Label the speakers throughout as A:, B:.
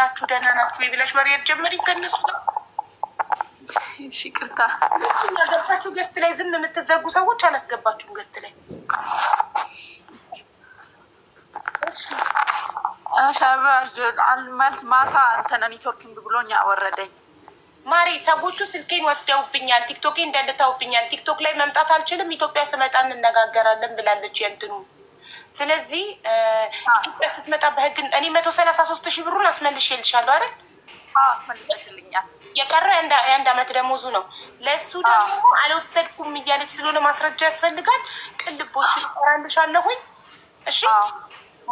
A: ናችሁ ደህና ናችሁ ብለሽ ወሬ ጀመሪ ከነሱ ጋር። ቅርታ ያገባችሁ ገስት ላይ ዝም የምትዘጉ ሰዎች አላስገባችሁም ገስት ላይ
B: ሻአልመልስ ማታ እንትን ኔትወርክ ብሎኝ አወረደኝ።
A: ማሪ ሰዎቹ ስልኬን ወስደውብኛል፣ ቲክቶኬ እንዳልታውብኛል፣ ቲክቶክ ላይ መምጣት አልችልም፣ ኢትዮጵያ ስመጣ እንነጋገራለን ብላለች የእንትኑ ስለዚህ ኢትዮጵያ ስትመጣ በህግ እኔ መቶ ሰላሳ ሶስት ሺህ ብሩን አስመልሼልሻለሁ አይደል? የቀረ የአንድ አመት ደሞዙ ነው። ለእሱ ደግሞ አልወሰድኩም እያለች ስለሆነ ማስረጃ ያስፈልጋል። ቅልቦች ይቀራልሻለሁኝ። እሺ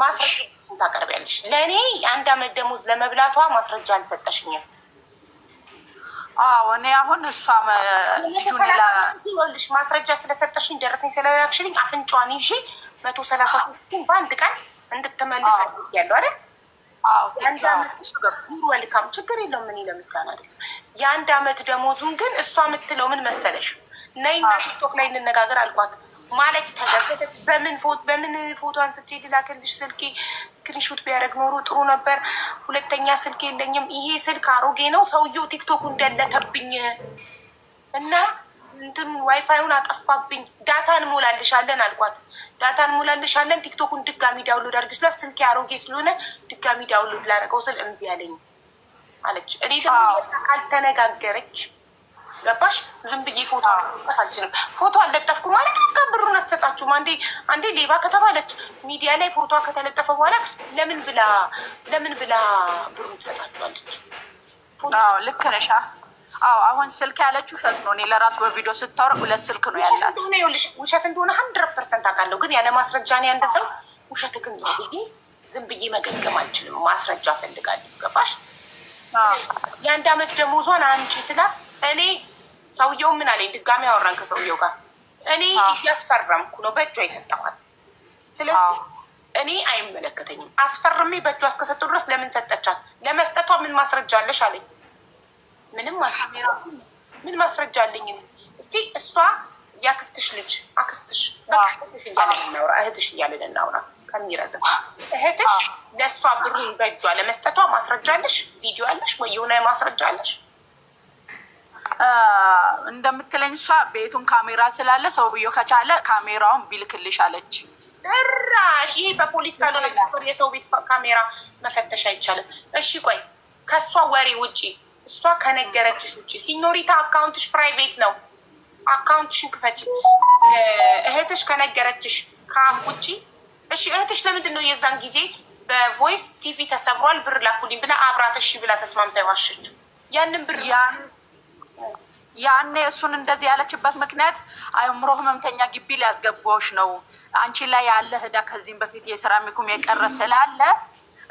A: ማስረጃ ታቀርቢያለሽ። ለእኔ የአንድ አመት ደሞዝ ለመብላቷ ማስረጃ አልሰጠሽኝም።
B: አዎ እኔ አሁን እሷ
A: ልሽ ማስረጃ ስለሰጠሽኝ ደረሰኝ ስለላክሽልኝ አፍንጫዋን ይዤ መቶ ሰላሳ ሶስቱን በአንድ ቀን እንድትመልስ ያለው አይደል? አንድ አመት እሱ ገብቶ ችግር የለውም። ምን ለምስጋና አይደለም የአንድ አመት ደሞዙን ግን እሷ የምትለው ምን መሰለሽ፣ ነይና ቲክቶክ ላይ እንነጋገር አልኳት ማለት ተገዘተች። በምን ፎቶ በምን ፎቶ አንስቼ ልላክልሽ? ስልኬ ስክሪንሾት ቢያደርግ ኖሮ ጥሩ ነበር። ሁለተኛ ስልክ የለኝም። ይሄ ስልክ አሮጌ ነው። ሰውየው ቲክቶክ እንደለተብኝ እና እንትን ዋይፋዩን አጠፋብኝ፣ ዳታን ሞላልሻለን አልኳት። ዳታን ሞላልሻለን፣ ቲክቶኩን ድጋሚ ዳውንሎድ አድርጊ ስላት ስልኬ አሮጌ ስለሆነ ድጋሚ ዳውንሎድ ላደረገው ስል እምቢ አለኝ አለች። እኔ ደግሞ ካልተነጋገረች ገባሽ? ዝም ብዬ ፎቶ አለጠፍ አልችልም። ፎቶ አለጠፍኩ ማለት በቃ ብሩን አትሰጣችሁም። አንዴ አንዴ ሌባ ከተባለች ሚዲያ ላይ ፎቶ ከተለጠፈ በኋላ ለምን ብላ ለምን ብላ ብሩን ትሰጣችኋለች?
B: ልክ ነሻ አዎ አሁን ስልክ ያለችው ውሸት ነው። እኔ ለራሱ በቪዲዮ ስታወርቅ ሁለት ስልክ ነው ያላት
A: እንደሆነ ይኸውልሽ፣ ውሸት እንደሆነ ሀንድረድ ፐርሰንት አውቃለሁ፣ ግን ያለ ማስረጃ እኔ አንድ ሰው ውሸት ግን ነው ብዬ ዝም ብዬ መገንገም አልችልም። ማስረጃ ፈልጋለሁ። ገባሽ? የአንድ አመት ደሞዟን አንቺ ስላት እኔ ሰውየው ምን አለኝ? ድጋሚ አወራን ከሰውየው ጋር እኔ እያስፈረምኩ ነው በእጇ የሰጠኋት። ስለዚህ እኔ አይመለከተኝም። አስፈርሜ በእጇ እስከሰጠው ድረስ ለምን ሰጠቻት? ለመስጠቷ ምን ማስረጃ አለሽ አለኝ። ምንም ምን ማስረጃ አለኝ? እስቲ እሷ የአክስትሽ ልጅ አክስትሽ በቃ እህትሽ እያለን እናውራ፣ እህትሽ እያለን እናውራ ከሚረዝም እህትሽ ለእሷ ብሩን በእጇ ለመስጠቷ ማስረጃ አለሽ? ቪዲዮ አለሽ ወይ የሆነ ማስረጃ አለሽ?
B: እንደምትለኝ እሷ ቤቱን ካሜራ ስላለ ሰው ብዮ ከቻለ ካሜራውን ቢልክልሽ አለች።
A: ጭራሽ ይሄ በፖሊስ ካልሆነ የሰው ቤት ካሜራ መፈተሽ አይቻልም። እሺ ቆይ ከእሷ ወሬ ውጪ እሷ ከነገረችሽ ውጭ ሲኖሪታ አካውንትሽ ፕራይቬት ነው። አካውንትሽን ክፈች። እህትሽ ከነገረችሽ ከአፍ ውጭ እሺ፣ እህትሽ ለምንድን ነው የዛን ጊዜ በቮይስ ቲቪ ተሰብሯል ብር ላኩልኝ ብላ አብራት ብላ ተስማምታ የዋሸችው ያንን ብር
B: ያኔ እሱን እንደዚህ ያለችበት ምክንያት አእምሮ ህመምተኛ ግቢ ሊያስገባዎች ነው አንቺ ላይ ያለ ህዳ ከዚህም በፊት የሴራሚኩም የቀረ ስላለ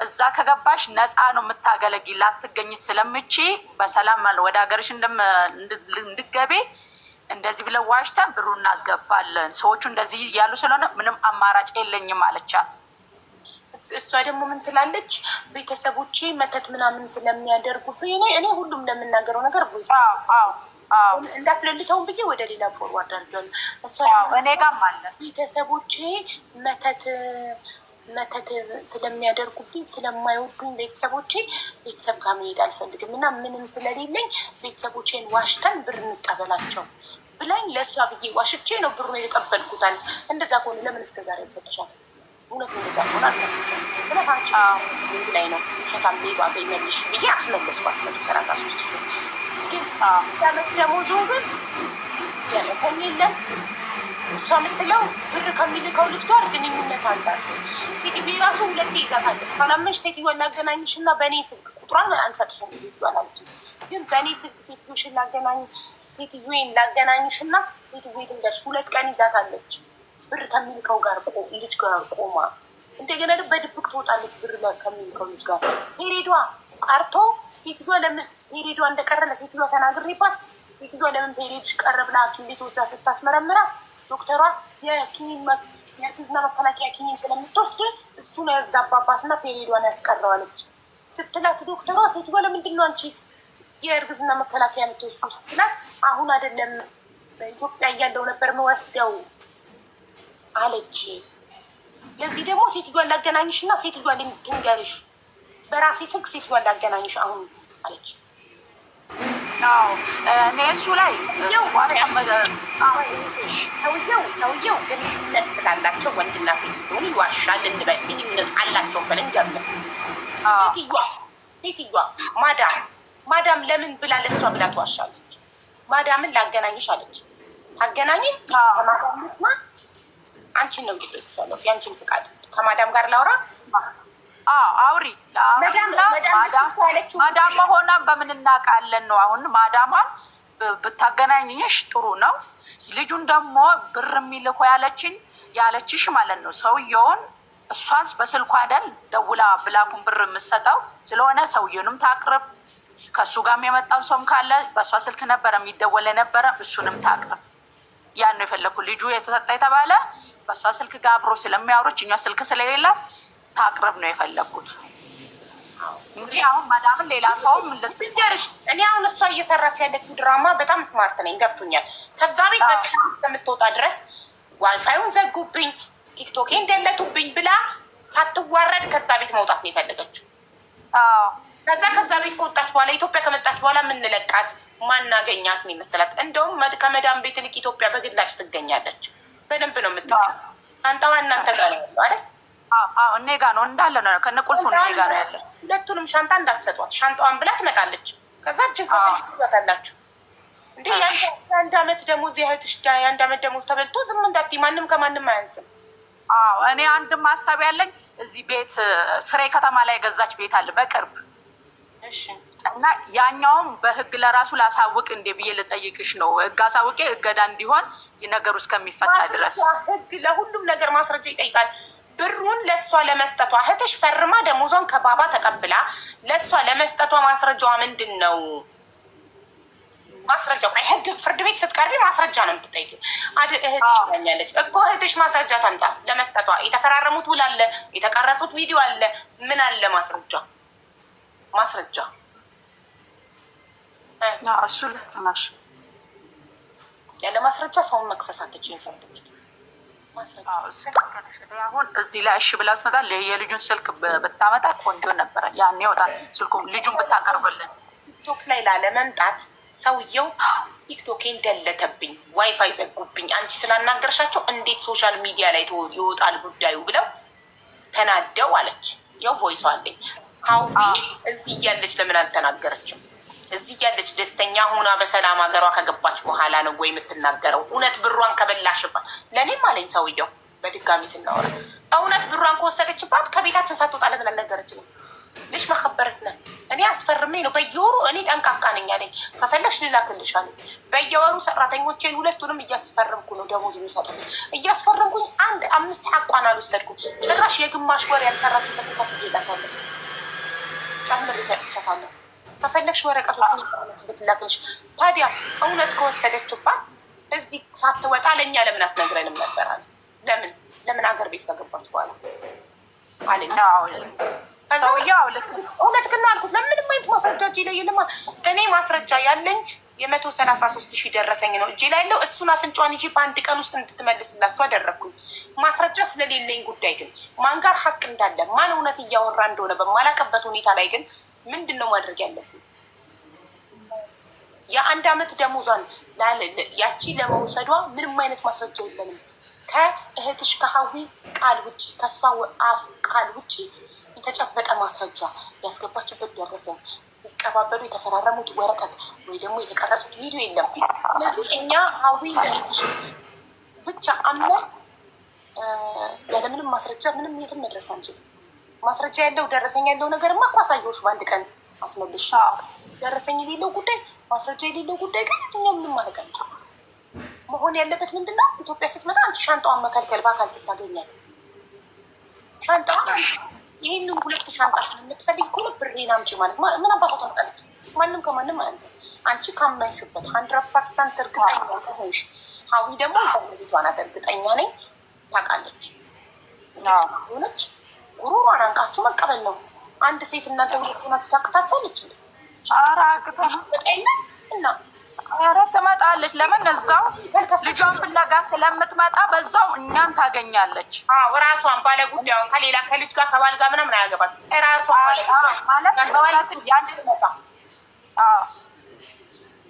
B: እዛ ከገባሽ ነፃ ነው የምታገለግ ላትገኝት ስለምቺ በሰላም ወደ ሀገርሽ እንድገቤ እንደዚህ ብለው ዋሽተን ብሩ እናስገባለን። ሰዎቹ እንደዚህ እያሉ ስለሆነ ምንም አማራጭ የለኝም አለቻት።
A: እሷ ደግሞ ምን ትላለች? ቤተሰቦቼ መተት ምናምን ስለሚያደርጉብኝ እኔ እኔ ሁሉም እንደምናገረው ነገር ቮይስ እንዳትለልተውን ብዬ ወደ ሌላ ፎርዋርድ አድርገዋለሁ።
B: እሷ እኔ ጋም አለ
A: ቤተሰቦቼ መተት መተት ስለሚያደርጉብኝ ስለማይወዱኝ ቤተሰቦቼ ቤተሰብ ጋር መሄድ አልፈልግም እና ምንም ስለሌለኝ ቤተሰቦቼን ዋሽተን ብር እንቀበላቸው ብላኝ ለእሷ ብዬ ዋሽቼ ነው ብሩ የተቀበልኩት አለች። እንደዛ ከሆነ ለምን እስከ ዛሬ አልሰጠሻት? እውነት እንደዛ ከሆነ አልኳት። ስለ ፋንቻ ላይ ነው ሸታም ሌባ በይመልሽ ብዬ አስመለስኳት። መቶ ሰላሳ ሶስት ሺ ግን ያመት ደሞዙን ግን ደረሰኝ የለም እሷ ምትለው ብር ከሚልከው ልጅ ጋር ግንኙነት አላት። ሴትዮ ራሱ ሁለቴ ይዛታለች። ካላመንሽ ሴትዮዋ ላገናኝሽ እና በእኔ ስልክ ቁጥሯን አንሰጥሽም ይባላለች። ግን በእኔ ስልክ ሴትዮሽን ላገናኝ ሴትዮን ላገናኝሽ እና ሴትዮ ትንገርሽ። ሁለት ቀን ይዛታለች ብር ከሚልከው ጋር ልጅ ጋር ቆማ እንደገና ደግሞ በድብቅ ትወጣለች ብር ከሚልከው ልጅ ጋር ፔሬዷ ቀርቶ ሴትዮ ለምን ፔሬዷ እንደቀረ ለሴትዮዋ ተናግሬባት ሴትዮ ለምን ፔሬድሽ ቀረ ብላ ሐኪም ቤት ወስዳ ስታስመረምራት ዶክተሯ የኪኒን የእርግዝና መከላከያ ኪኒን ስለምትወስድ እሱን ያዛባባትና ፔሪዷን ያስቀረዋለች ስትላት ዶክተሯ ሴትዮዋ ለምንድን ነው አንቺ የእርግዝና መከላከያ የምትወስዱ ስትላት አሁን አይደለም በኢትዮጵያ እያለው ነበር መወስደው አለች። ለዚህ ደግሞ ሴትዮዋን ላገናኝሽ እና ሴትዮዋ ልንገርሽ፣ በራሴ ስልክ ሴትዮዋን ላገናኝሽ አሁን አለች።
B: እኔ እሱ ላይ
A: ሰውየው ሰውየው ግንኙነት ስላላቸው ወንድና ሴት ስለሆኑ ይዋሻል እንበል። ግንኙነት አላቸው ብለን ገምት። ሴትዮዋ ሴትዮዋ ማዳም ማዳም ለምን ብላ ለእሷ ብላ ትዋሻለች። ማዳምን ላገናኝሽ አለች። ታገናኝ ከማዳም ስማ አንቺን ነው ግዴ ያለው የአንቺን ፍቃድ ከማዳም ጋር ላውራ አውሪ ማዳም መሆኗን በምን እናውቃለን? ነው አሁን ማዳሟን ብታገናኝሽ ጥሩ ነው። ልጁን ደግሞ ብር የሚልኮ ያለችኝ ያለችሽ ማለት ነው ሰውየውን እሷን በስልኩ አይደል ደውላ ብላኩን ብር የምትሰጠው ስለሆነ ሰውየውንም ታቅርብ። ከእሱ ጋርም የመጣው ሰውም ካለ በእሷ ስልክ ነበረ የሚደወል ነበረ፣ እሱንም ታቅርብ። ያን ነው የፈለግኩ። ልጁ የተሰጠ የተባለ በእሷ ስልክ ጋር አብሮ ስለሚያወሩች እኛ ስልክ ስለሌላት እንድታቅርብ ነው የፈለኩት
B: እንጂ አሁን ማዳምን ሌላ ሰውም ልትገርሽ።
A: እኔ አሁን እሷ እየሰራች ያለችው ድራማ በጣም ስማርት ነኝ፣ ገብቶኛል። ከዛ ቤት በሰላም እስከምትወጣ ድረስ ዋይፋዩን ዘጉብኝ፣ ቲክቶኬ እንደለቱብኝ ብላ ሳትዋረድ ከዛ ቤት መውጣት ነው የፈለገችው። ከዛ ከዛ ቤት ከወጣች በኋላ ኢትዮጵያ ከመጣች በኋላ የምንለቃት ማናገኛት ነው ይመስላት። እንደውም ከመዳም ቤት ልቅ ኢትዮጵያ በግላጭ ትገኛለች። በደንብ ነው የምትገ አንጣዋ እናንተ ጋር ያለ አይደል
B: እኔ ጋ ነው እንዳለ ነው፣ ከነ ቁልፉ እኔ ጋ ነው ያለ።
A: ሁለቱንም ሻንጣ እንዳትሰጧት፣ ሻንጣዋን ብላ ትመጣለች። ከዛ እጅን ከፍል ትወጣላችሁ። እንዴ የአንድ አመት ደሞዝ የእህትሽ የአንድ አመት ደሞዝ ተበልቶ ዝም እንዳት፣ ማንም ከማንም አያንስም።
B: አዎ እኔ አንድም ሀሳብ ያለኝ እዚህ ቤት ስሬ ከተማ ላይ የገዛች ቤት አለ በቅርብ እና ያኛውም በህግ ለራሱ ላሳውቅ እንዴ ብዬ ልጠይቅሽ ነው። ህግ አሳውቄ እገዳ እንዲሆን ነገሩ እስከሚፈታ ድረስ
A: ህግ ለሁሉም ነገር ማስረጃ ይጠይቃል። ብሩን ለእሷ ለመስጠቷ እህትሽ ፈርማ ደሞዟን ከባባ ተቀብላ ለእሷ ለመስጠቷ ማስረጃዋ ምንድን ነው? ማስረጃ ህግ ፍርድ ቤት ስትቀርቢ ማስረጃ ነው የምትጠይቂው። እህትኛለች እኮ እህትሽ ማስረጃ ታምጣ ለመስጠቷ። የተፈራረሙት ውል አለ፣ የተቀረጹት ቪዲዮ አለ። ምን አለ ማስረጃ? ማስረጃ ያለ ማስረጃ ሰውን መክሰስ አትችይም ፍርድ ቤት
B: አሁን እዚህ ላይ እሺ ብላ ብትመጣ የልጁን ስልክ ብታመጣ ቆንጆ ነበረ። ያን ይወጣል ስልኩ ልጁን ብታቀርብልን
A: ቲክቶክ ላይ ላለመምጣት ሰውየው ቲክቶኬን ደለተብኝ፣ ዋይፋይ ዘጉብኝ፣ አንቺ ስላናገርሻቸው እንዴት ሶሻል ሚዲያ ላይ ይወጣል ጉዳዩ ብለው ተናደው አለች። ያው ቮይስ አለኝ አሁን እዚህ እያለች ለምን አልተናገረችም? እዚህ ያለች ደስተኛ ሆና በሰላም ሀገሯ ከገባች በኋላ ነው ወይ የምትናገረው? እውነት ብሯን ከበላሽባት፣ ለእኔም አለኝ ሰውየው በድጋሚ ስናወራ፣ እውነት ብሯን ከወሰደችባት ከቤታችን ሳትወጣ ለምን አልነገረችንም? ልሽ መከበረት ነን። እኔ አስፈርሜ ነው በየወሩ እኔ ጠንቃቃ ነኝ አለኝ። ከፈለግሽ ልላክልሽ አለኝ። በየወሩ ሰራተኞቼን ሁለቱንም እያስፈረምኩ ነው ደሞዝ የሚሰጡ እያስፈረምኩኝ አንድ አምስት ሀቋን አልወሰድኩም። ጭራሽ የግማሽ ወር ያልሰራችበት ከፍዬ እላታለሁ፣ ጨምር ሰጥቻታለሁ። ከፈለግሽ ወረቀቶችን ብትለቅልሽ። ታዲያ እውነት ከወሰደችባት እዚህ ሳትወጣ ለእኛ ለምን አትነግረንም ነበራል? ለምን ለምን አገር ቤት ከገባች በኋላ አለ። እውነት ግን አልኩት፣ ለምንም አይነት ማስረጃ እጄ ላይ የለም። እኔ ማስረጃ ያለኝ የመቶ ሰላሳ ሶስት ሺህ ደረሰኝ ነው እጄ ላይ ያለው። እሱን አፍንጫዋን ይዤ በአንድ ቀን ውስጥ እንድትመልስላችሁ አደረግኩኝ። ማስረጃ ስለሌለኝ ጉዳይ ግን ማን ጋር ሀቅ እንዳለ ማን እውነት እያወራ እንደሆነ በማላቀበት ሁኔታ ላይ ግን ምንድን ነው ማድረግ ያለብን? የአንድ አመት ደሞዟን ያቺ ለመውሰዷ ምንም አይነት ማስረጃ የለንም። ከእህትሽ ከሀዊ ቃል ውጭ ተስፋ አፍ ቃል ውጭ የተጨበጠ ማስረጃ ያስገባችበት ደረሰኝ ሲቀባበሉ የተፈራረሙት ወረቀት ወይ ደግሞ የተቀረጹት ቪዲዮ የለም። ስለዚህ እኛ ሀዊ ለእህትሽ ብቻ አምነ ያለምንም ማስረጃ ምንም የትም መድረስ አንችልም። ማስረጃ ያለው ደረሰኛ ያለው ነገርማ እኮ አሳየሁሽ በአንድ ቀን አስመልሻ። ደረሰኝ የሌለው ጉዳይ ማስረጃ የሌለው ጉዳይ ግን እኛ ምንም ማድረግ አንችልም። መሆን ያለበት ምንድነው? ኢትዮጵያ ስትመጣ አንቺ ሻንጣዋን መከልከል በአካል ስታገኛት ሻንጣዋን ይህንን ሁለት ሻንጣሽ የምትፈልግ ከሆነ ብሬን አምጪ ማለት ምን አባቷ ተመጣለች? ማንም ከማንም አያንስ። አንቺ ካመንሽበት ሀንድረድ ፐርሰንት እርግጠኛ ሆንሽ። ሀዊ ደግሞ ባለቤቷ ናት፣ እርግጠኛ ነኝ ታውቃለች ሆነች ጉሮሯን አንቃችሁ መቀበል ነው። አንድ ሴት እናንተ ናችሁ ታቅታችኋለች ጣይና እና
B: ኧረ ትመጣለች። ለምን እዛው ልጇን ፍለጋ ስለምትመጣ በዛው እኛን ታገኛለች።
A: ራሷን ባለ ጉዳዩን ከሌላ ከልጅ ጋር ከባል ጋር ምናምን አያገባትም።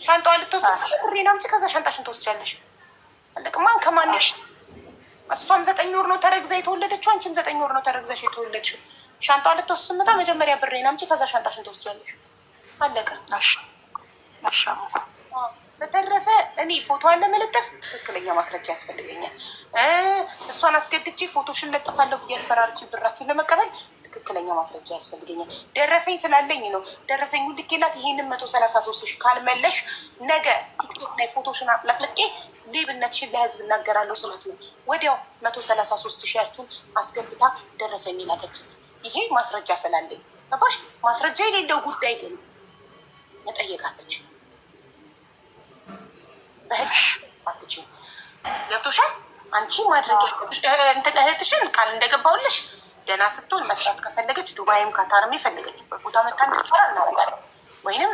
A: ሻንጣዋን ልትወስድ ብሬ ናምጪ፣ ከዛ ሻንጣ ሽንት ትወስጃለሽ። ማን ከማን እሷም ዘጠኝ ወር ነው ተረግዛ የተወለደችው። አንቺም ዘጠኝ ወር ነው ተረግዛሽ የተወለድሽው። ሻንጣ ልትወስድ ስምታ መጀመሪያ ብሬ አምጪ፣ ከዛ ሻንጣሽን ትወስጃለሽ። አለቀ። በተረፈ እኔ ፎቶዋን ለመለጠፍ ትክክለኛ ማስረጃ ያስፈልገኛል። እሷን አስገድቼ ፎቶሽን ለጥፋለሁ ብዬ አስፈራርቼ ብራችሁን ለመቀበል ትክክለኛ ማስረጃ ያስፈልገኛል። ደረሰኝ ስላለኝ ነው። ደረሰኝ ልኬላት ይሄንን መቶ ሰላሳ ሶስት ሺ ካልመለሽ ነገ ቲክቶክ ላይ ፎቶሽን አጥለቅልቄ ሌብነትሽን ለህዝብ እናገራለሁ ስላት ነው ወዲያው መቶ ሰላሳ ሶስት ሺያችሁን አስገብታ ደረሰኝ ላከችልኝ። ይሄ ማስረጃ ስላለኝ ገባሽ? ማስረጃ የሌለው ጉዳይ ግን መጠየቅ አትች በህግ አትች ገብቶሻል? አንቺ ማድረግ እህትሽን ቃል እንደገባውልሽ ደህና ስትሆን መስራት ከፈለገች ዱባይም ካታርም የፈለገችበት ቦታ መታ እንድትሰራ እናደርጋለን። ወይንም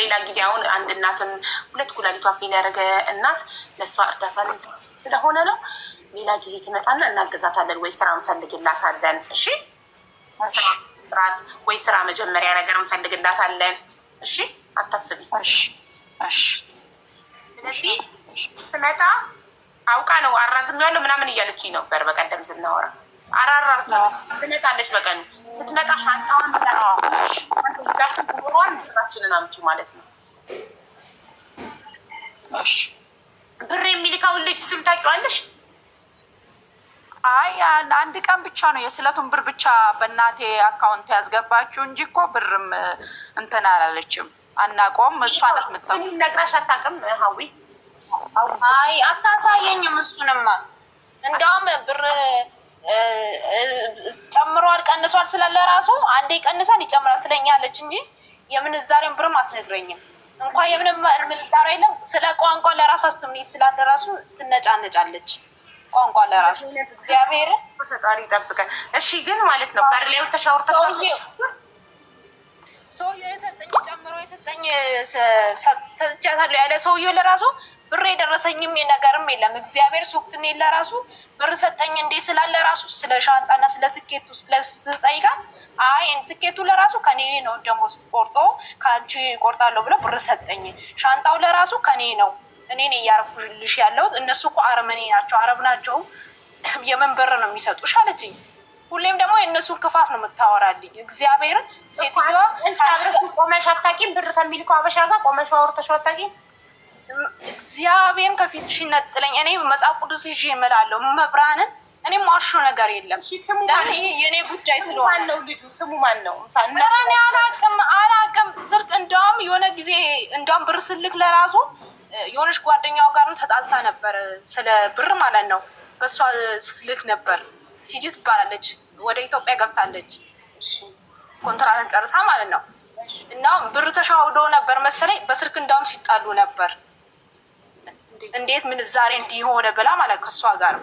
A: ሌላ ጊዜ አሁን አንድ እናትም ሁለት ኩላሊቷ ፌል ያደረገ እናት ለእሷ እርዳታ ስለሆነ ነው። ሌላ ጊዜ ትመጣና እናገዛታለን፣ ወይ ስራ እንፈልግላታለን። እሺ ራት ወይ ስራ መጀመሪያ ነገር እንፈልግላታለን። እሺ አታስቢ። ስለዚህ ስመጣ አውቃ ነው አራዝም ያለው ምናምን እያለችኝ ነበር በቀደም ስናወራ አራራርሳ ትመጣለች። በቀን ስትመጣ ሻንጣዋን አምጪ ማለት ነው። ብር የሚልካውን ልጅ ስም ታውቂዋለሽ?
B: አይ አንድ ቀን ብቻ ነው የስለቱን ብር ብቻ በእናቴ አካውንት ያስገባችሁ እንጂ እኮ ብርም እንትን አላለችም። አናቆም እሷ ናት የምታውቀው።
A: ነግራሽ አታውቅም ሀዊ?
B: አይ አታሳየኝም። እሱንማ እንደውም ብር ጨምሯል ቀንሷል ስላለ ራሱ አንዴ ቀንሳል ይጨምራል ትለኛለች እንጂ የምንዛሬን ብርም አትነግረኝም። እንኳን የምንም ምንዛሬ የለም ስለ ቋንቋ ለራሱ አስተምሪ ስላለ ራሱ ትነጫነጫለች። ቋንቋ ለራሱ
A: እግዚአብሔር ፈጣሪ ይጠብቀን። እሺ ግን ማለት ነው በርሌው ተሻውር ተሻ ሰውየ የሰጠኝ ጨምሮ የሰጠኝ ሰጥቻታለሁ ያለ ሰውዬው ለራሱ ብር የደረሰኝም የነገርም የለም። እግዚአብሔር ሱቅ ስኔ ለራሱ ብር ሰጠኝ እንዴ ስላለ ራሱ ስለ ሻንጣና ስለ ትኬቱ ስለስጠይቃ አይ ትኬቱ ለራሱ ከኔ ነው ደሞዝ ቆርጦ ከአንቺ ቆርጣለሁ ብሎ ብር ሰጠኝ። ሻንጣው ለራሱ ከኔ ነው እኔ ነው እያረኩልሽ ያለሁት። እነሱ እኮ አረመኔ ናቸው፣ አረብ ናቸው። የምን ብር ነው የሚሰጡሽ አለችኝ። ሁሌም ደግሞ የእነሱን ክፋት ነው የምታወራልኝ። እግዚአብሔርን ሴትዮዋ ቆመሽ አታውቂም። ብር ከሚልከው አበሻ ጋር ቆመሽ አውርተሽ አታውቂም። እግዚአብሔርን ከፊትሽ ይነጥለኝ። እኔ መጽሐፍ ቅዱስ ይዤ እምላለሁ መብራንን እኔ ማሾ ነገር የለም። የእኔ ጉዳይ ስለሆነ ልጁ ስሙ ማን ነው? እኔ አላቅም አላቅም። ስልክ እንደውም የሆነ ጊዜ እንደውም ብር ስልክ ለራሱ የሆነች ጓደኛው ጋርም ተጣልታ ነበር፣ ስለ ብር ማለት ነው። በእሷ ስልክ ነበር። ቲጂ ትባላለች፣ ወደ ኢትዮጵያ ገብታለች፣ ኮንትራትን ጨርሳ ማለት ነው። እና ብር ተሻውዶ ነበር መሰለኝ በስልክ እንደውም ሲጣሉ ነበር። እንዴት ምንዛሬ እንዲሆነ ብላ ማለት ከእሷ ጋር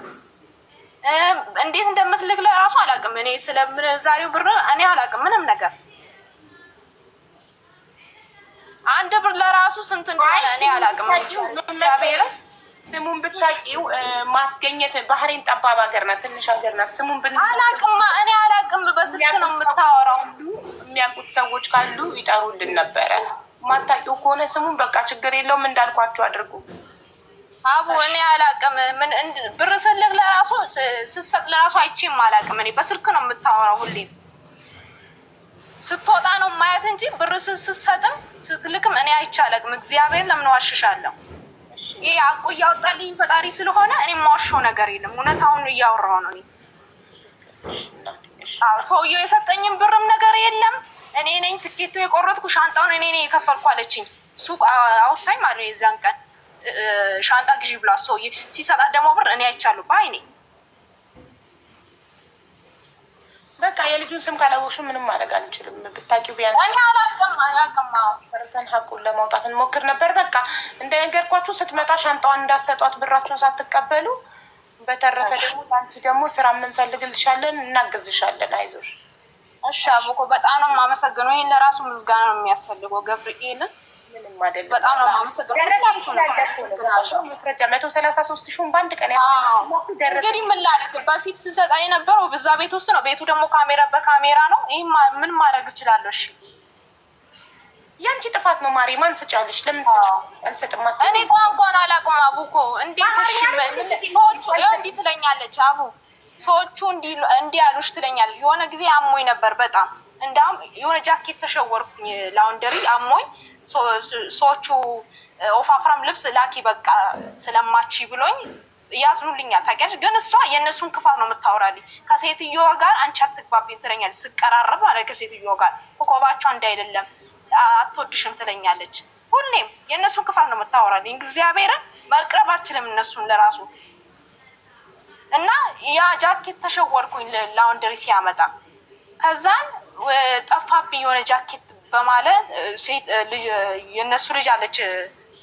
A: እንዴት እንደምትልክ ለራሱ አላውቅም። እኔ ስለ ምንዛሬው ብር እኔ አላውቅም ምንም ነገር። አንድ ብር ለራሱ ስንት እንደሆነ እኔ አላውቅም። ስሙን ብታውቂው ማስገኘት ባህሬን ጠባብ ሀገር ናት፣ ትንሽ ሀገር ናት። ስሙን ብ አላውቅም እኔ አላውቅም። በስልክ ነው የምታወራው። የሚያውቁት ሰዎች ካሉ ይጠሩልን ነበረ። ማታውቂው ከሆነ ስሙን በቃ ችግር የለውም እንዳልኳቸው አድርጉ። አቡ እኔ አላቅም። ምን ብር ስልክ ለራሱ ስሰጥ ለራሱ አይቼም አላቅም። እኔ በስልክ ነው የምታወራው። ሁሌም ስትወጣ ነው ማየት እንጂ ብር ስሰጥም ስትልክም እኔ አይቻለቅም። እግዚአብሔር ለምን ዋሽሻለሁ? ይህ አቁ እያወጣልኝ ፈጣሪ ስለሆነ እኔ የማዋሸው ነገር የለም። እውነታውን እያወራው ነው። ሰውየው የሰጠኝም ብርም ነገር የለም። እኔ ነኝ ትኬቱ የቆረጥኩ ሻንጣውን እኔ ነኝ የከፈልኩ አለችኝ። ሱቅ አውታኝ ማለት ነው የዛን ቀን ሻንጣ ግዢ ብላ ሰው ሲሰጣት ደግሞ ብር እኔ አይቻለሁ በአይኔ። በቃ የልጁን ስም ካላወቅሽ ምንም ማድረግ አንችልም። ብታውቂው ቢያንስ ርተን ሀቁን ለማውጣት እንሞክር ነበር። በቃ እንደነገርኳችሁ ስትመጣ ሻንጣዋን እንዳሰጧት ብራችሁን ሳትቀበሉ። በተረፈ ደግሞ ለአንቺ ደግሞ ስራ የምንፈልግልሻለን፣ እናገዝሻለን። አይዞሽ። እሺ አቦኮ፣ በጣም ነው የማመሰግነው። ይህን ለራሱ ምዝጋና ነው የሚያስፈልገው ገብርኤልን በጣም ነው የማመሰግነው። ማስረጃ መቶ ሰላሳ ሶስት ሺውን በአንድ ቀን እንግዲህ ምን ላድርግ፣ በፊት ስሰጣ የነበረው እዛ ቤት ውስጥ ነው። ቤቱ ደግሞ ካሜራ በካሜራ ነው። ይህ ምን ማድረግ እችላለሁ? እሺ የአንቺ ጥፋት ነው ማሬ። ማን ስጫለሽ? ለምን አልሰጥም? እኔ ቋንቋን አላውቅም። አቡ እኮ እንዴት ሰዎቹ እንዲህ ትለኛለች። አቡ ሰዎቹ እንዲህ ያሉሽ ትለኛለች። የሆነ ጊዜ አሞኝ ነበር በጣም እንዳውም የሆነ ጃኬት ተሸወርኩኝ፣ ላውንደሪ አሞኝ ሰዎቹ ኦፋፍራም ልብስ ላኪ በቃ ስለማቺ ብሎኝ ያዝኑልኛል። ታውቂያለሽ። ግን እሷ የእነሱን ክፋት ነው የምታወራልኝ። ከሴትዮዋ ጋር አንቺ አትግባብኝ ትለኛለች። ስቀራረብ ማለት ከሴትዮዋ ጋር ኮኮባቸው አንድ አይደለም አትወድሽም ትለኛለች። ሁሌም የእነሱን ክፋት ነው የምታወራልኝ። እግዚአብሔርን መቅረብ አልችልም እነሱን ለራሱ እና ያ ጃኬት ተሸወርኩኝ፣ ላውንደሪ ሲያመጣ ከዛን ጠፋብኝ የሆነ ጃኬት በማለት ልጅ የእነሱ ልጅ አለች፣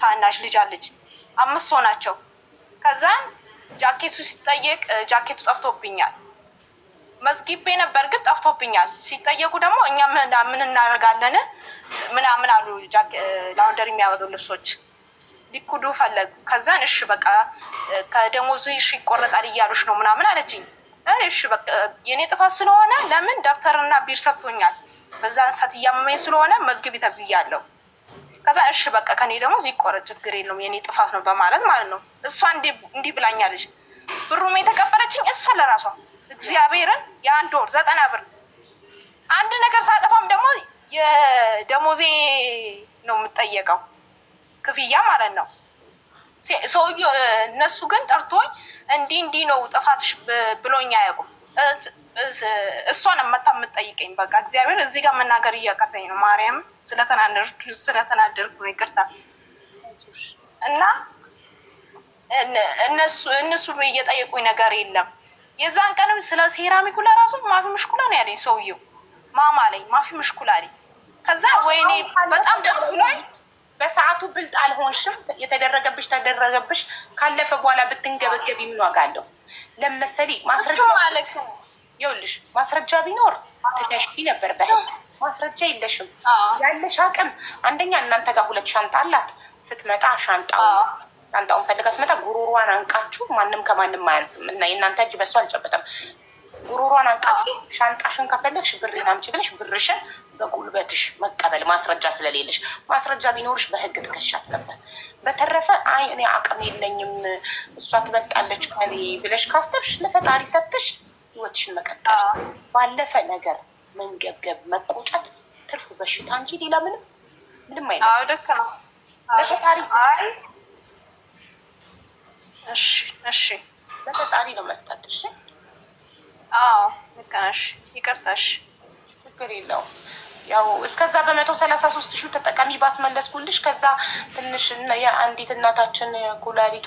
A: ታናሽ ልጅ አለች። አምስት ሰው ናቸው። ከዛን ጃኬቱ ሲጠየቅ ጃኬቱ ጠፍቶብኛል መዝጊቤ ነበር ግን ጠፍቶብኛል። ሲጠየቁ ደግሞ እኛ ምን እናደርጋለን ምናምን አሉ። ላውንደር የሚያመጡ ልብሶች ሊኩዱ ፈለጉ። ከዛን እሺ በቃ ከደሞዝ እሺ ይቆረጣል እያሉች ነው ምናምን አለችኝ። እሺ በቃ የእኔ ጥፋት ስለሆነ ለምን ደብተርና ቢር ሰጥቶኛል በዛን ሰዓት እያመመኝ ስለሆነ መዝግብ ተብያለሁ። ከዛ እሺ በቃ ከኔ ደግሞ እዚህ ይቆረጥ ችግር የለውም የኔ ጥፋት ነው በማለት ማለት ነው። እሷ እንዲህ ብላኛለች። ብሩም የተቀበለችኝ እሷ ለራሷ እግዚአብሔርን የአንድ ወር ዘጠና ብር አንድ ነገር ሳጠፋም ደግሞ የደሞዜ ነው የምጠየቀው ክፍያ ማለት ነው። ሰውዬው እነሱ ግን ጠርቶኝ እንዲህ እንዲህ ነው ጥፋትሽ ብሎኝ አያውቁም። እሷን መታ የምትጠይቀኝ በቃ እግዚአብሔር እዚህ ጋር መናገር እያቀተኝ ነው። ማርያም ስለተናደርኩ ነው ይቅርታ። እና እነሱ እነሱ እየጠየቁኝ ነገር የለም። የዛን ቀንም ስለ ሴራሚኩላ ራሱ ማፊ ምሽኩላ ነው ያለኝ ሰውየው። ማማ ላይ ማፊ ምሽኩላ አለኝ። ከዛ ወይኔ በጣም ደስ ብሏል። በሰዓቱ ብልጥ አልሆንሽም። የተደረገብሽ ተደረገብሽ። ካለፈ በኋላ ብትንገበገቢ ምን ዋጋ አለው? ለመሰሊ ማስረጃ ይኸውልሽ ማስረጃ ቢኖር ተከሺ ነበር በህግ ማስረጃ የለሽም። ያለሽ አቅም አንደኛ እናንተ ጋር ሁለት ሻንጣ አላት። ስትመጣ ሻንጣ ሻንጣውን ፈልጋ ስትመጣ ጉሮሯን አንቃችሁ ማንም ከማንም አያንስም እና የእናንተ እጅ በሱ አልጨበጠም። ጉሮሯን አንቃችሁ ሻንጣሽን ከፈለግሽ ብሬን አምጪ ብለሽ ብርሽን በጉልበትሽ መቀበል ማስረጃ ስለሌለሽ፣ ማስረጃ ቢኖርሽ በህግ ትከሻት ነበር። በተረፈ አይ እኔ አቅም የለኝም እሷ ትበልጣለች ከኔ ብለሽ ካሰብሽ ለፈጣሪ ሰጥሽ ህይወትሽን መቀጠል። ባለፈ ነገር መንገብገብ፣ መቆጨት ትርፉ በሽታ እንጂ ሌላ ምንም ምንም አይነት ለፈጣሪ እሺ፣ እሺ፣ ለፈጣሪ ነው መስጠት። እሺ፣ አዎ፣ ልክ ነሽ። ይቅርታሽ ችግር የለውም። ያው እስከዛ በመቶ ሰላሳ ሶስት ሺህ ተጠቃሚ ባስመለስኩልሽ። ከዛ ትንሽ የአንዲት እናታችን ኩላሊቷ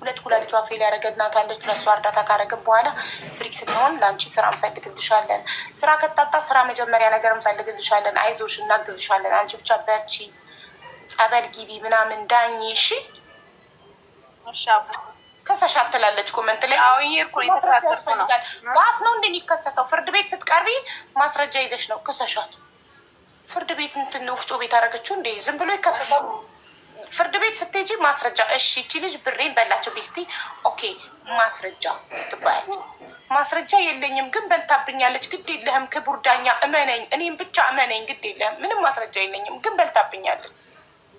A: ሁለት ኩላሊቷ ፌል ያደረገ እናት አለች። ለሷ እርዳታ ካረግን በኋላ ፍሪ ስንሆን ለአንቺ ስራ እንፈልግልሻለን። ስራ ከታጣ ስራ መጀመሪያ ነገር እንፈልግልሻለን። አይዞሽ እናግዝሻለን። አንቺ ብቻ በርቺ፣ ጸበል ጊቢ ምናምን ዳኝ እሺ ከሰሻ ትላለች ኮመንት ላይ ማስረጃ ያስፈልጋል። በአፍ ነው እንደሚከሰሰው ፍርድ ቤት ስትቀርቢ ማስረጃ ይዘሽ ነው ከሰሻት ፍርድ ቤት እንትን ውፍጮ ቤት አደረገችው እንዴ? ዝም ብሎ ይከሰሳል። ፍርድ ቤት ስትሄጂ ማስረጃ፣ እሺ ይቺ ልጅ ብሬን በላቸው ቤስቲ፣ ኦኬ ማስረጃ ትባያል። ማስረጃ የለኝም ግን በልታብኛለች። ግድ የለህም ክቡር ዳኛ እመነኝ፣ እኔም ብቻ እመነኝ፣ ግድ የለህም ምንም ማስረጃ የለኝም ግን በልታብኛለች።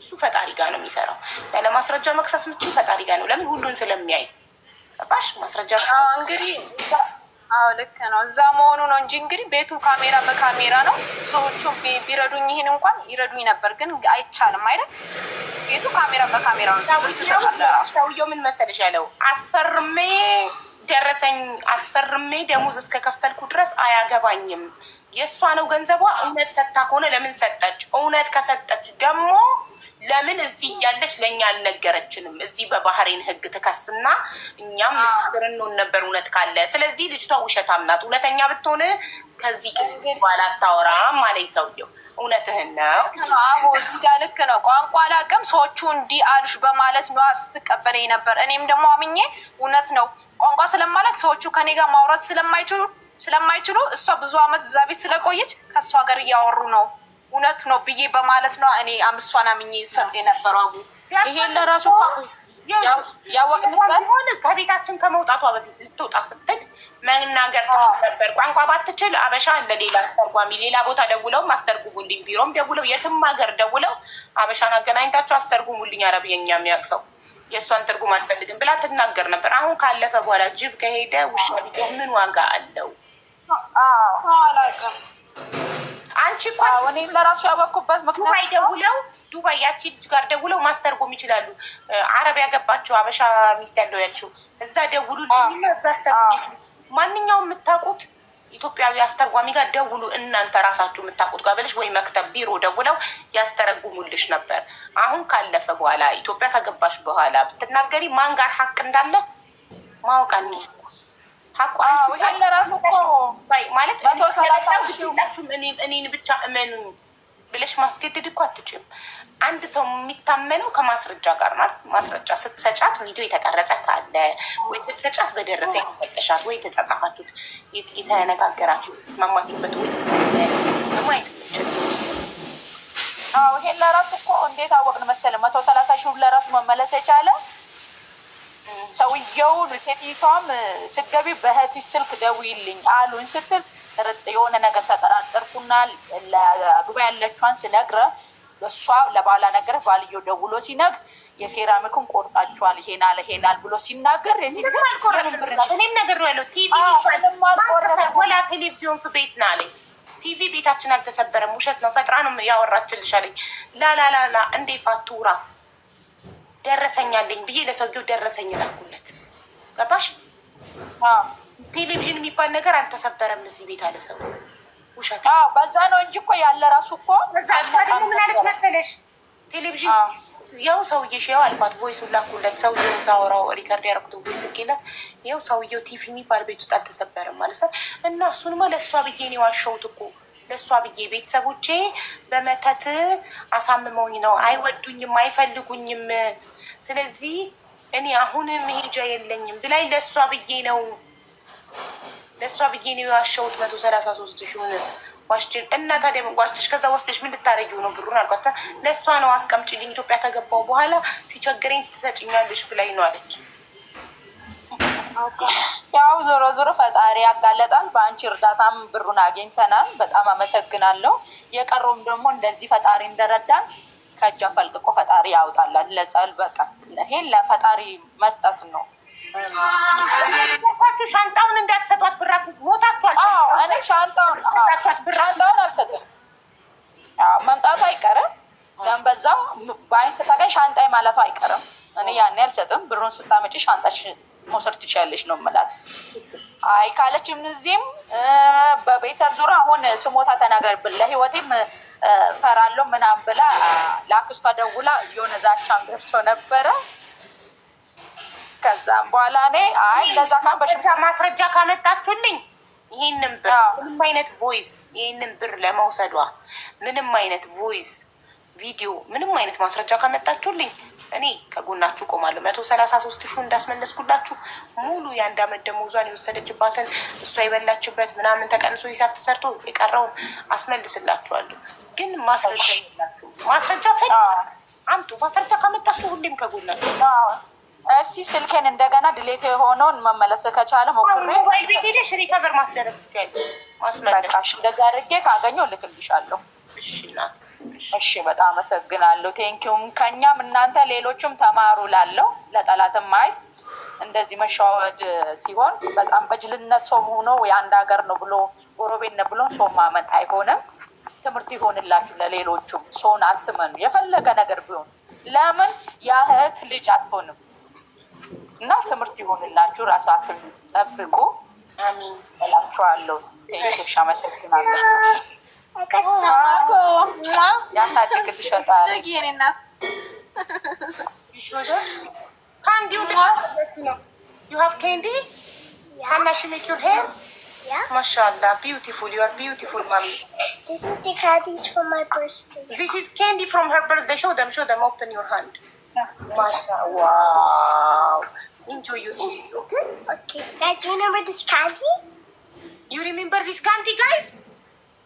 A: እሱ ፈጣሪ ጋር ነው የሚሰራው። ያለ ማስረጃ መክሰስ ምችው ፈጣሪ ጋር ነው። ለምን ሁሉን ስለሚያይ ባሽ ማስረጃ እንግዲህ አዎ ልክ ነው። እዛ መሆኑ ነው እንጂ እንግዲህ ቤቱ ካሜራ በካሜራ ነው። ሰዎቹ ቢረዱኝ ይህን እንኳን ይረዱኝ ነበር፣ ግን አይቻልም አይደል? ቤቱ ካሜራ በካሜራ ነው። ሰውየው ምን መሰለሽ ያለው አስፈርሜ ደረሰኝ አስፈርሜ ደሞዝ እስከከፈልኩ ድረስ አያገባኝም። የእሷ ነው ገንዘቧ። እውነት ሰጥታ ከሆነ ለምን ሰጠች? እውነት ከሰጠች ደግሞ ለምን እዚህ እያለች ለእኛ አልነገረችንም? እዚህ በባህሬን ህግ ትከስና እኛም ምስክር እንሆን ነበር እውነት ካለ። ስለዚህ ልጅቷ ውሸታም ናት፣ እውነተኛ ብትሆን ከዚህ በኋላ አታወራም አለኝ ሰውየው። እውነትህን ነው። እዚህ ጋር ልክ ነው። ቋንቋ አላውቅም፣ ሰዎቹ እንዲህ አሉሽ በማለት ነዋ ስትቀበለኝ ነበር። እኔም ደግሞ አምኜ እውነት ነው ቋንቋ ስለማለት ሰዎቹ ከኔ ጋር ማውራት ስለማይችሉ ስለማይችሉ እሷ ብዙ አመት እዛ ቤት ስለቆየች ከእሷ ጋር እያወሩ ነው እውነት ነው ብዬ በማለት ነው እኔ አምስቷን አምኜ ሰጥ የነበረው አቡ ይሄን ለራሱ ያወቅሆን ከቤታችን ከመውጣቷ በፊት ልትወጣ ስትል መናገር ነበር። ቋንቋ ባትችል አበሻ ለሌላ ሌላ አስተርጓሚ፣ ሌላ ቦታ ደውለው አስተርጉሙልኝ፣ ቢሮም ደውለው የትም ሀገር ደውለው አበሻን አገናኝታቸው አስተርጉሙልኝ፣ አረብኛ የሚያውቅ ሰው የእሷን ትርጉም አልፈልግም ብላ ትናገር ነበር። አሁን ካለፈ በኋላ ጅብ ከሄደ ውሻ ቢገኝ ምን ዋጋ አለው? አላውቅም አንቺ እንኳን እኔ ለራሱ ያወኩበት ምክንያት ዱባይ ደውለው ዱባይ ያቺ ልጅ ጋር ደውለው ማስተርጎም ይችላሉ። አረብ ያገባቸው አበሻ ሚስት ያለው ያልሽው እዛ ደውሉ ልኝና እዛ አስተርጉ። ማንኛውም የምታውቁት ኢትዮጵያዊ አስተርጓሚ ጋር ደውሉ። እናንተ ራሳችሁ የምታውቁት ጋር ብለሽ ወይ መክተብ ቢሮ ደውለው ያስተረጉሙልሽ ነበር። አሁን ካለፈ በኋላ ኢትዮጵያ ከገባሽ በኋላ ብትናገሪ ማን ጋር ሀቅ እንዳለ ማወቅ አንችል ማለት እኔን ብቻ እመኑኝ ብለሽ ማስገደድ እኮ አትችም። አንድ ሰው የሚታመነው ከማስረጃ ጋር ማለት ማስረጃ ስትሰጫት ቪዲዮ የተቀረጸ ካለ ወይ ስትሰጫት በደረሰ የተፈጠሻት ወይ የተጻጻፋችሁት የተነጋገራችሁ ማማችሁበት ወይ ደግሞ አይደለችም። ይሄን ለራሱ እኮ እንዴት አወቅን መሰለ መቶ ሰላሳ ሺህ ለራሱ መመለስ የቻለ ሰውየውን ሴትዮቷም ስገቢ በእህትሽ ስልክ ደውይልኝ አሉኝ ስትል የሆነ ነገር ተጠራጠርኩና ለዱባይ ያለችዋን ስነግረ እሷ ለባላ ነገር ባልየው ደውሎ ሲነግ የሴራሚኩን ቆርጣችኋል ይሄናል ይሄናል ብሎ ሲናገር እኔም ነገር ያለው ቲቪ ቴሌቪዚዮን ቤት ና አለኝ። ቲቪ ቤታችን አልተሰበረም፣ ውሸት ነው፣ ፈጥራ ነው ያወራችልሻለኝ። ላላላላ እንዴ ፋቱራ ደረሰኛለኝ ብዬ ለሰውየው ደረሰኝ ላኩለት። ገባሽ? ቴሌቪዥን የሚባል ነገር አልተሰበረም እዚህ ቤት አለ ሰው ውሸት። በዛ ነው እንጂ እኮ ያለ ራሱ እኮ እዛ ደግሞ ምን አለች መሰለሽ ቴሌቪዥን ያው ሰውዬሽ ያው አልኳት፣ ቮይሱን ላኩለት። ሰውዬው ሳወራው ሪከርድ ያደረኩትን ቮይስ ትኬላት ያው ሰውዬው ቲቪ የሚባል ቤት ውስጥ አልተሰበረም ማለት እና እሱንማ ለእሷ ብዬ ነው የዋሸሁት እኮ ለእሷ ብዬ ቤተሰቦቼ በመተት አሳምመውኝ ነው። አይወዱኝም፣ አይፈልጉኝም። ስለዚህ እኔ አሁን መሄጃ የለኝም ብላይ ለእሷ ብዬ ነው ለእሷ ብዬ ነው የዋሸሁት። መቶ ሰላሳ ሶስት ሺውን ዋሽችን እና ታዲያ ዋሽተሽ ከዛ ወስደሽ ምን ልታደርጊው ነው ብሩን አልኳት። ለእሷ ነው አስቀምጪልኝ፣ ኢትዮጵያ ከገባሁ በኋላ ሲቸግረኝ ትሰጭኛለሽ ብላኝ ነው አለች። ያው ዞሮ ዞሮ ፈጣሪ ያጋለጣል። በአንቺ እርዳታም ብሩን አግኝተናል። በጣም አመሰግናለሁ። የቀሩም ደግሞ እንደዚህ ፈጣሪ እንደረዳን ከእጅ ፈልቅቆ ፈጣሪ ያውጣላል። ለጸል በቃ ይሄ ለፈጣሪ መስጠት ነው። ሻንጣውን እንዳትሰጧት፣ ብራት ሞታችኋል። ሻንጣውን አልሰጥም። መምጣቱ አይቀርም። ለም በዛው በአይን ስታገኝ ሻንጣይ ማለቱ አይቀርም። እኔ ያኔ አልሰጥም። ብሩን ስታመጪ ሻንጣሽ መውሰድ ትችላለች ነው የምላት። አይ ካለችም እዚህም በቤተሰብ ዙሪያ አሁን ስሞታ ተናግራል። ለህይወቴም ፈራለሁ ምናም ብላ ለአክስቷ ደውላ የሆነ ዛቻም ደርሶ ነበረ። ከዛም በኋላ እኔ አይ ለዛ ማስረጃ ካመጣችሁልኝ ይህንን ብር ምንም አይነት ቮይስ ይህንን ብር ለመውሰዷ ምንም አይነት ቮይስ ቪዲዮ፣ ምንም አይነት ማስረጃ ካመጣችሁልኝ እኔ ከጎናችሁ ቆማለሁ። መቶ ሰላሳ ሶስት ሺ እንዳስመለስኩላችሁ ሙሉ የአንድ አመት ደመወዟን የወሰደችባትን እሷ የበላችበት ምናምን ተቀንሶ ሂሳብ ተሰርቶ የቀረውን አስመልስላችኋለሁ። ግን ማስረጃ የላችሁ ማስረጃ ፈ አምጡ። ማስረጃ ካመጣችሁ ሁሌም ከጎናችሁ እስቲ ስልኬን እንደገና ድሌት የሆነውን መመለስ ከቻለ ሞክሬ ሞባይል ቤት ሄደሽ ሪከቨር ማስደረግ ትችያለሽ። ማስመለስ እንደዛ አድርጌ ካገኘው ልክልሻለሁ። እሺ ናት እሺ፣ በጣም አመሰግናለሁ። ቴንኪውም ከኛም እናንተ ሌሎችም ተማሩ ላለው ለጠላትም ማይስት እንደዚህ መሸዋወድ ሲሆን በጣም በጅልነት ሰው ሆኖ የአንድ ሀገር ነው ብሎ ጎረቤት ነው ብሎ ሰው ማመን አይሆንም። ትምህርት ይሆንላችሁ ለሌሎቹም። ሰውን አትመኑ፣ የፈለገ ነገር ቢሆን ለምን ያህት ልጅ አትሆንም እና ትምህርት ይሆንላችሁ። ራሳትን ጠብቁ እላችኋለሁ። ቴንኪው፣ አመሰግናለሁ። Mashallah, beautiful. You are beautiful, mommy. This is the candies from my birthday. This is candy from her birthday. Show them, show them. Open your hand. Mashallah. Wow. Enjoy your okay? Okay. Guys, remember this candy? You remember this candy, guys?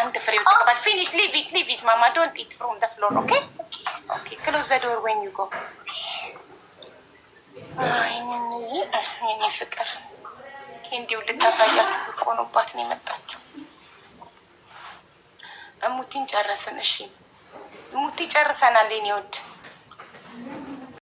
A: አንድ ፍሬ ባት ፊኒሽ ሊቭ ኢት ሊቭ ኢት ማማ ዶንት ኢት ፍሮም ደ ፍሎር ኦኬ ኦኬ ክሎዝ ዘ ዶር ዌን ዩ ጎ ፍቅር እንዲሁ ልታሳያችሁ ብቆኑባት ነው የመጣችው። እሙቲን ጨረስን። እሺ እሙቲ ጨርሰናል። ኔ ወድ